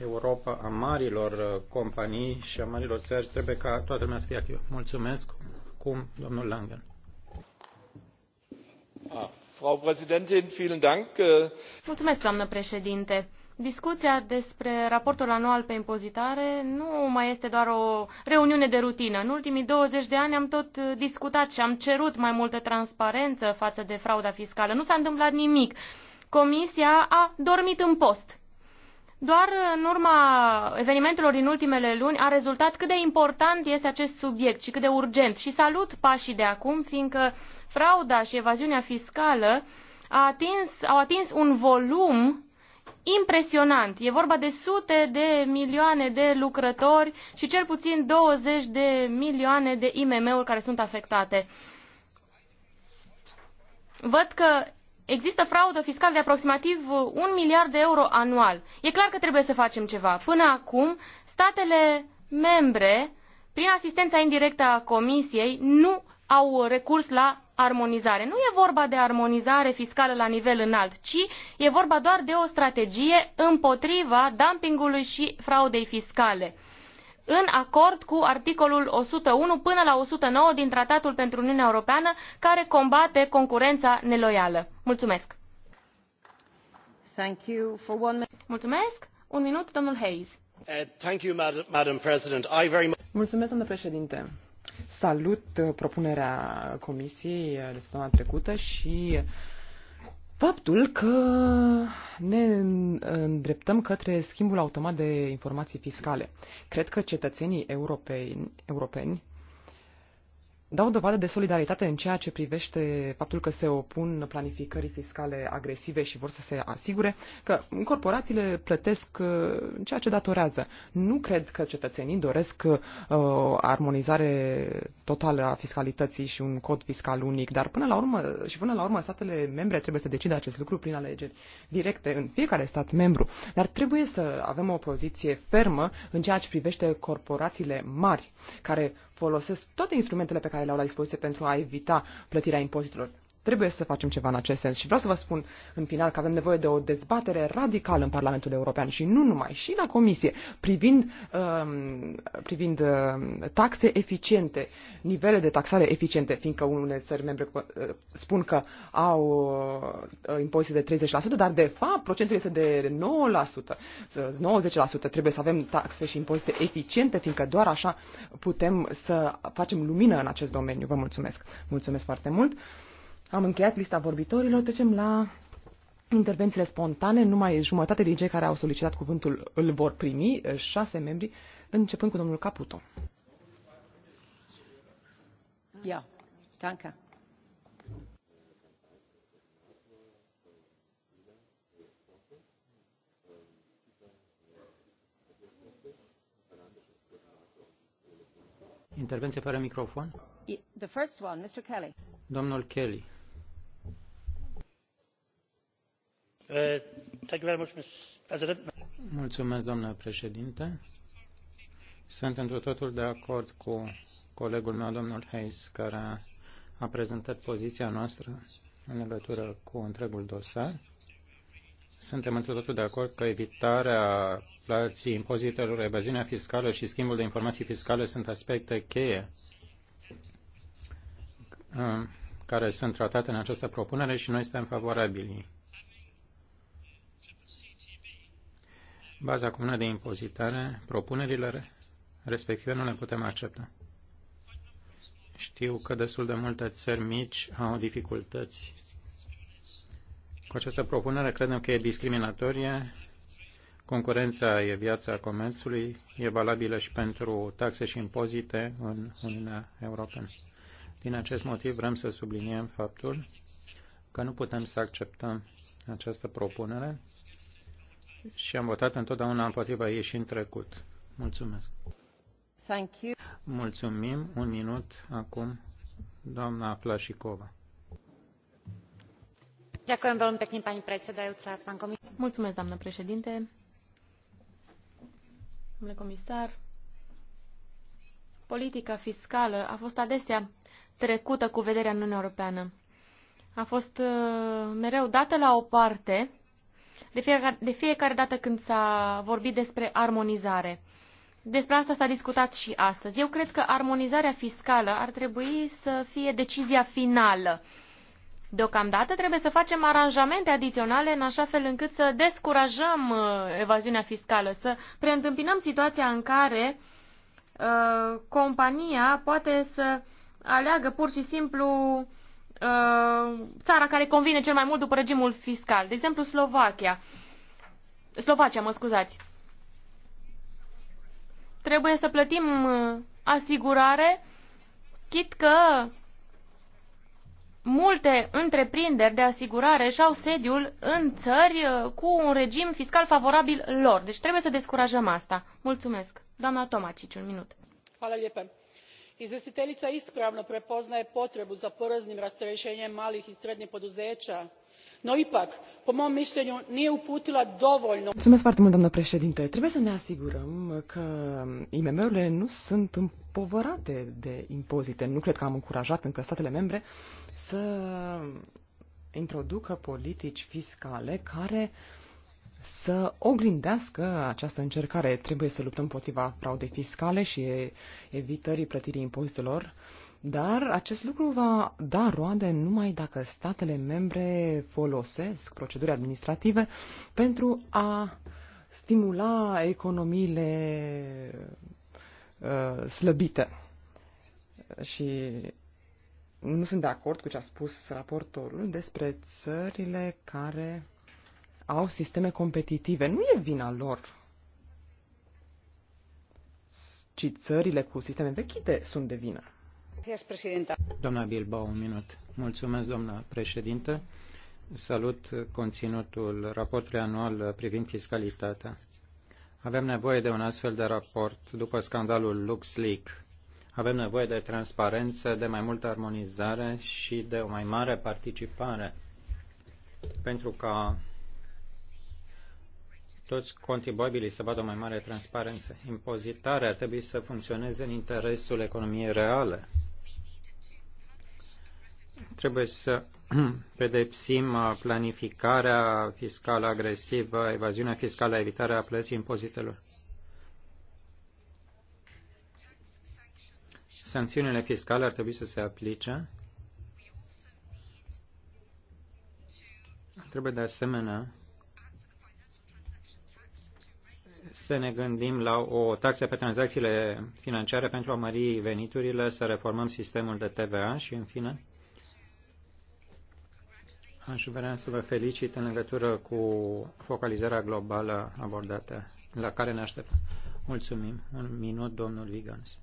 Europa a marilor uh, companii și a marilor țări, trebuie ca toată lumea să fie activă. Mulțumesc. Cum, domnul Langen. Ah, Frau Präsidentin, vielen Dank. Uh. Mulțumesc, doamnă președinte Discuția despre raportul anual pe impozitare nu mai este doar o reuniune de rutină. În ultimii 20 de ani am tot discutat și am cerut mai multă transparență față de frauda fiscală. Nu s-a întâmplat nimic. Comisia a dormit în post. Doar în urma evenimentelor din ultimele luni a rezultat cât de important este acest subiect și cât de urgent. Și salut pașii de acum, fiindcă frauda și evaziunea fiscală a atins, au atins un volum impresionant. E vorba de sute de milioane de lucrători și cel puțin 20 de milioane de IMM-uri care sunt afectate. Văd că există fraudă fiscală de aproximativ un miliard de euro anual. E clar că trebuie să facem ceva. Până acum, statele membre, prin asistența indirectă a Comisiei, nu au recurs la armonizare. Nu e vorba de armonizare fiscală la nivel înalt, ci e vorba doar de o strategie împotriva dumpingului și fraudei fiscale în acord cu articolul 101 până la 109 din Tratatul pentru Uniunea Europeană, care combate concurența neloială. Mulțumesc! Mulțumesc! Un minut, domnul Hayes. Uh, you, madam, madam Mulțumesc, domnule președinte. Salut uh, propunerea comisiei uh, de săptămâna trecută și uh, faptul că ne îndreptăm către schimbul automat de informații fiscale. Cred că cetățenii europeni, europeni dau dovadă de solidaritate în ceea ce privește faptul că se opun planificării fiscale agresive și vor să se asigure că corporațiile plătesc uh, ceea ce datorează. Nu cred că cetățenii doresc o uh, armonizare totală a fiscalității și un cod fiscal unic, dar până la urmă și până la urmă statele membre trebuie să decide acest lucru prin alegeri directe în fiecare stat membru, dar trebuie să avem o poziție fermă în ceea ce privește corporațiile mari care folosesc toate instrumentele pe care care le-au la dispoziție pentru a evita plătirea impozitelor. Trebuie să facem ceva în acest sens și vreau să vă spun în final că avem nevoie de o dezbatere radicală în Parlamentul European și nu numai, și la Comisie, privind, um, privind um, taxe eficiente, nivele de taxare eficiente, fiindcă unele țări membre uh, spun că au uh, impozite de 30%, dar de fapt procentul este de 9%, 90%. Trebuie să avem taxe și impozite eficiente, fiindcă doar așa putem să facem lumină în acest domeniu. Vă mulțumesc. Mulțumesc foarte mult. Am încheiat lista vorbitorilor, trecem la intervențiile spontane. Numai jumătate din cei care au solicitat cuvântul îl vor primi, șase membri, începând cu domnul Caputo. Ia, danke. Intervenție fără microfon. The first one, Mr. Kelly. Domnul Kelly. Mulțumesc, domnule președinte. Sunt întru totul de acord cu colegul meu, domnul Hayes, care a prezentat poziția noastră în legătură cu întregul dosar. Suntem întru totul de acord că evitarea plății impozitelor, evaziunea fiscală și schimbul de informații fiscale sunt aspecte cheie uh, care sunt tratate în această propunere și noi suntem favorabili baza comună de impozitare, propunerile respective nu le putem accepta. Știu că destul de multe țări mici au dificultăți cu această propunere. Credem că e discriminatorie. Concurența e viața comerțului, e valabilă și pentru taxe și impozite în Uniunea Europeană. Din acest motiv vrem să subliniem faptul că nu putem să acceptăm această propunere și am votat întotdeauna împotriva ei și în trecut. Mulțumesc. Thank you. Mulțumim. Un minut acum, doamna Flașicova. Mulțumesc, doamnă președinte. Domnule comisar, politica fiscală a fost adesea trecută cu vederea în Uniunea Europeană. A fost uh, mereu dată la o parte de fiecare, de fiecare dată când s-a vorbit despre armonizare. Despre asta s-a discutat și astăzi. Eu cred că armonizarea fiscală ar trebui să fie decizia finală. Deocamdată trebuie să facem aranjamente adiționale în așa fel încât să descurajăm uh, evaziunea fiscală, să preîntâmpinăm situația în care uh, compania poate să aleagă pur și simplu Uh, țara care convine cel mai mult după regimul fiscal. De exemplu, Slovacia. Slovacia, mă scuzați. Trebuie să plătim uh, asigurare, chit că multe întreprinderi de asigurare și-au sediul în țări uh, cu un regim fiscal favorabil lor. Deci trebuie să descurajăm asta. Mulțumesc. Doamna Tomacici, un minut. Hvala lijepa izvjestiteljica ispravno prepoznaje potrebu za poreznim rasterećenjem malih i srednjih poduzeća no ipak po mom mišljenju nije uputila dovoljno. doamnă președinte trebuie să ne asigurăm că imm urile nu sunt împovărate de impozite. Nu cred că am încurajat încă statele membre să introducă politici fiscale care uh, să oglindească această încercare. Trebuie să luptăm împotriva fraudei fiscale și evitării plătirii impozitelor, dar acest lucru va da roade numai dacă statele membre folosesc proceduri administrative pentru a stimula economiile uh, slăbite. Și nu sunt de acord cu ce a spus raportorul despre țările care au sisteme competitive. Nu e vina lor, ci țările cu sisteme vechite sunt de vină. Doamna Bilbao, un minut. Mulțumesc, doamna președinte. Salut conținutul raportului anual privind fiscalitatea. Avem nevoie de un astfel de raport după scandalul LuxLeak. Avem nevoie de transparență, de mai multă armonizare și de o mai mare participare pentru ca toți contribuabilii să vadă o mai mare transparență. Impozitarea trebuie să funcționeze în interesul economiei reale. Trebuie să pedepsim uh, planificarea fiscală agresivă, evaziunea fiscală, evitarea plății impozitelor. Sancțiunile fiscale ar trebui să se aplice. Trebuie de asemenea să ne gândim la o taxă pe tranzacțiile financiare pentru a mări veniturile, să reformăm sistemul de TVA și, în fine, aș vrea să vă felicit în legătură cu focalizarea globală abordată, la care ne așteptăm. Mulțumim. Un minut, domnul Vigans.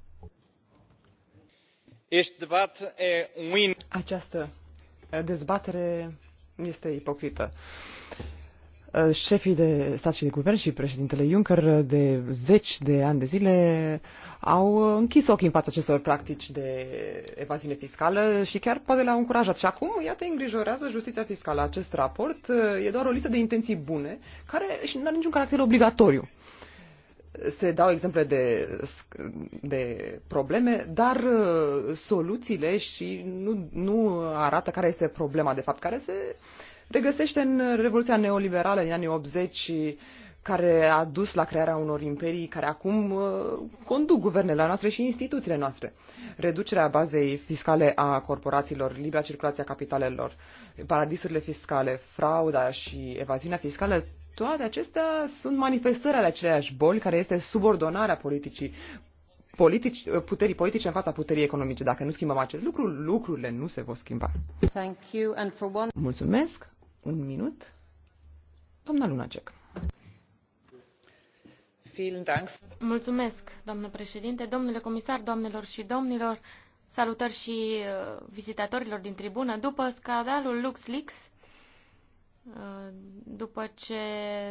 Această dezbatere este ipocrită. Uh, șefii de stat și de guvern și președintele Juncker uh, de zeci de ani de zile au uh, închis ochii în fața acestor practici de evaziune fiscală și chiar poate le-au încurajat. Și acum, iată, îngrijorează justiția fiscală. Acest raport e doar o listă de intenții bune care și nu are niciun caracter obligatoriu se dau exemple de, de probleme, dar soluțiile și nu, nu arată care este problema, de fapt, care se regăsește în Revoluția Neoliberală din anii 80, care a dus la crearea unor imperii care acum uh, conduc guvernele noastre și instituțiile noastre. Reducerea bazei fiscale a corporațiilor, libera circulație a capitalelor, paradisurile fiscale, frauda și evaziunea fiscală, toate acestea sunt manifestări ale aceleași boli, care este subordonarea politicii politici, puterii politice în fața puterii economice. Dacă nu schimbăm acest lucru, lucrurile nu se vor schimba. Thank you and for one... Mulțumesc un minut. Doamna Lunacek. Mulțumesc, doamnă președinte, domnule comisar, doamnelor și domnilor, salutări și uh, vizitatorilor din tribună. După scandalul LuxLeaks, uh, după ce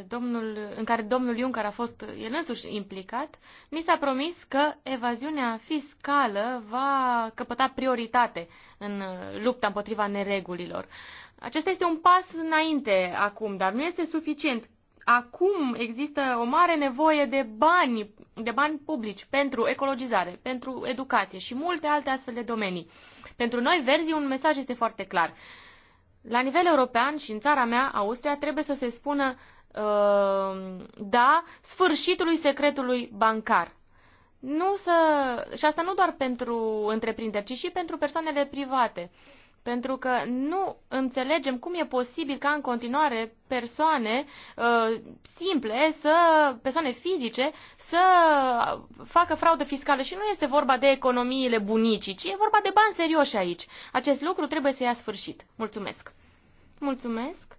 domnul, în care domnul Juncker a fost el însuși implicat, ni s-a promis că evaziunea fiscală va căpăta prioritate în uh, lupta împotriva neregulilor. Acesta este un pas înainte acum, dar nu este suficient. Acum există o mare nevoie de bani, de bani publici pentru ecologizare, pentru educație și multe alte astfel de domenii. Pentru noi, verzi, un mesaj este foarte clar. La nivel european și în țara mea, Austria, trebuie să se spună uh, da sfârșitului secretului bancar. Nu să... Și asta nu doar pentru întreprinderi, ci și pentru persoanele private. Uh, pentru că nu înțelegem cum e posibil ca în continuare persoane uh, simple, să, persoane fizice, să facă fraudă fiscală. Și nu este vorba de economiile bunicii, ci e vorba de bani serioși aici. Acest lucru trebuie să ia sfârșit. Mulțumesc! Mulțumesc!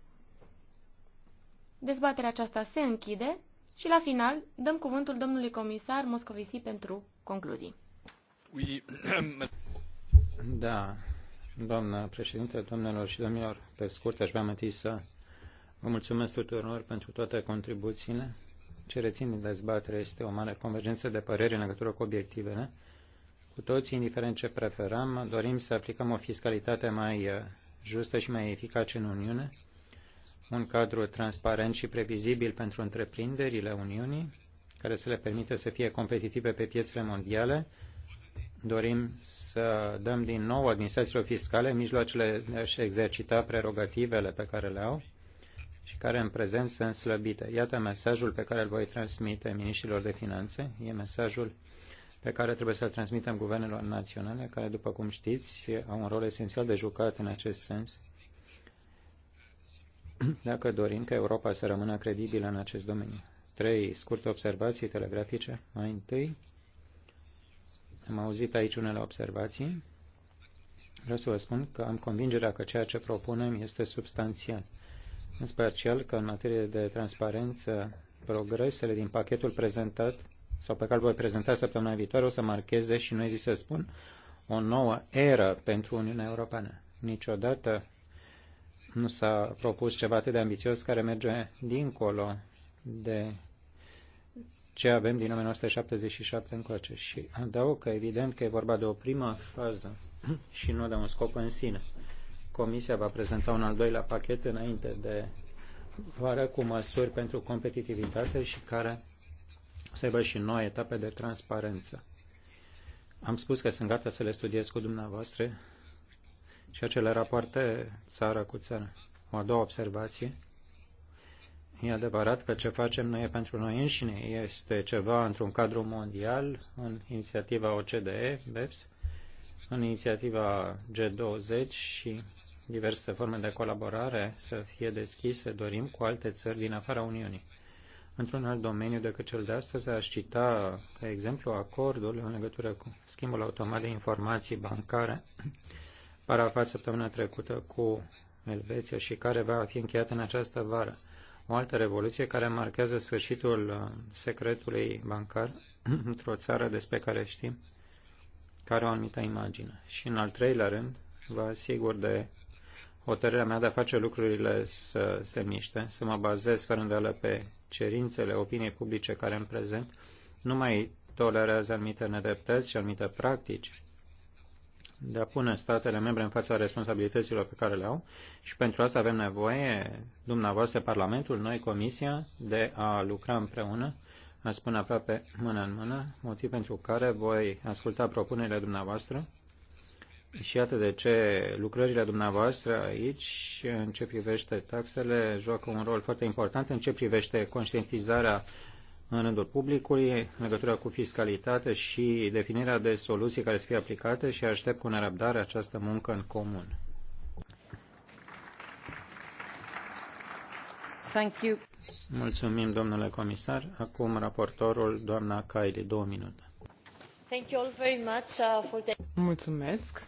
Dezbaterea aceasta se închide și la final dăm cuvântul domnului comisar Moscovici pentru concluzii. Da, Doamna președinte, domnilor și domnilor, pe scurt aș vrea mai să vă mulțumesc tuturor pentru toate contribuțiile. Ce rețin din dezbatere este o mare convergență de păreri în legătură cu obiectivele. Cu toții, indiferent ce preferăm, dorim să aplicăm o fiscalitate mai uh, justă și mai eficace în Uniune, un cadru transparent și previzibil pentru întreprinderile Uniunii, care să le permită să fie competitive pe piețele mondiale, Dorim să dăm din nou administrațiilor fiscale mijloacele de a-și exercita prerogativele pe care le au și care în prezent sunt slăbite. Iată mesajul pe care îl voi transmite ministrilor de finanțe. E mesajul pe care trebuie să-l transmitem guvernelor naționale, care, după cum știți, au un rol esențial de jucat în acest sens, dacă dorim ca Europa să rămână credibilă în acest domeniu. Trei scurte observații telegrafice. Mai întâi, am auzit aici unele observații. Vreau să vă spun că am convingerea că ceea ce propunem este substanțial, în special că în materie de transparență, progresele din pachetul prezentat sau pe care voi prezenta săptămâna viitoare o să marcheze și nu zis să spun o nouă eră pentru Uniunea Europeană. Niciodată nu s-a propus ceva atât de ambițios care merge dincolo de ce avem din 1977 încoace. Și adaug că evident că e vorba de o primă fază și nu de un scop în sine. Comisia va prezenta un al doilea pachet înainte de vară cu măsuri pentru competitivitate și care să aibă și noi etape de transparență. Am spus că sunt gata să le studiez cu dumneavoastră și acele rapoarte țară cu țară. O a doua observație E adevărat că ce facem nu e pentru noi înșine, este ceva într-un cadru mondial, în inițiativa OCDE, BEPS, în inițiativa G20 și diverse forme de colaborare să fie deschise, dorim, cu alte țări din afara Uniunii. Într-un alt domeniu decât cel de astăzi, aș cita, ca exemplu, acordul în legătură cu schimbul automat de informații bancare parafat săptămâna trecută cu Elveția și care va fi încheiat în această vară o altă revoluție care marchează sfârșitul uh, secretului bancar într-o țară despre care știm care o anumită imagine. Și în al treilea rând, vă asigur de hotărârea mea de a face lucrurile să se miște, să mă bazez fără îndoială pe cerințele opiniei publice care în prezent nu mai tolerează anumite nedreptăți și anumite practici de a pune statele membre în fața responsabilităților pe care le au și pentru asta avem nevoie, dumneavoastră, Parlamentul, noi, Comisia, de a lucra împreună, a spune aproape mână în mână, motiv pentru care voi asculta propunerile dumneavoastră și iată de ce lucrările dumneavoastră aici, în ce privește taxele, joacă un rol foarte important, în ce privește conștientizarea în rândul publicului în legătură cu fiscalitate și definirea de soluții care să fie aplicate și aștept cu nerăbdare această muncă în comun. Thank you. Mulțumim, domnule comisar. Acum raportorul, doamna Kaili, două minute. Thank you all very much uh, for the... Mulțumesc.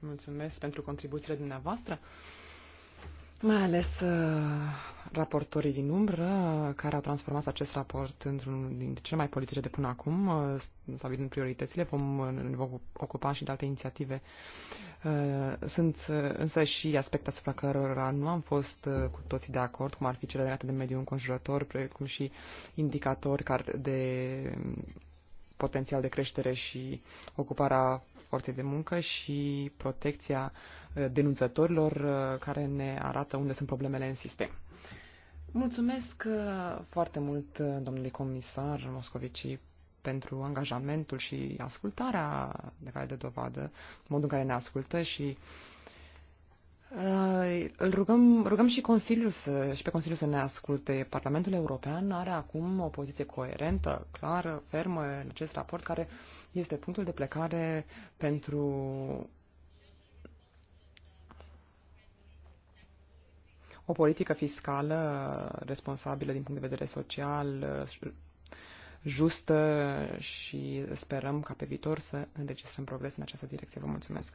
Mulțumesc pentru contribuțiile dumneavoastră mai ales uh, raportorii din umbră uh, care au transformat acest raport într un din cele mai politice de până acum, uh, stabilind prioritățile, vom, ne vom ocupa și de alte inițiative. Sunt însă și aspecte asupra cărora nu am fost cu toții de acord, cum ar fi cele legate de mediul înconjurător, precum și indicatori de um, potențial de creștere și ocuparea forței de muncă și protecția uh, denunțătorilor uh, care ne arată unde sunt problemele în sistem. Mulțumesc uh, foarte mult domnului comisar Moscovici pentru angajamentul și ascultarea de care de dovadă, modul în care ne ascultă și îl rugăm, rugăm și, Consiliul să, și pe Consiliul să ne asculte. Parlamentul European are acum o poziție coerentă, clară, fermă în acest raport care uh, este punctul de plecare pentru o politică fiscală responsabilă din punct de vedere social, justă și sperăm ca pe viitor să înregistrăm progres în această direcție. Vă mulțumesc!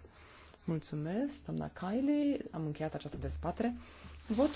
Mulțumesc, doamna Kylie. Am încheiat această dezbatere. Votul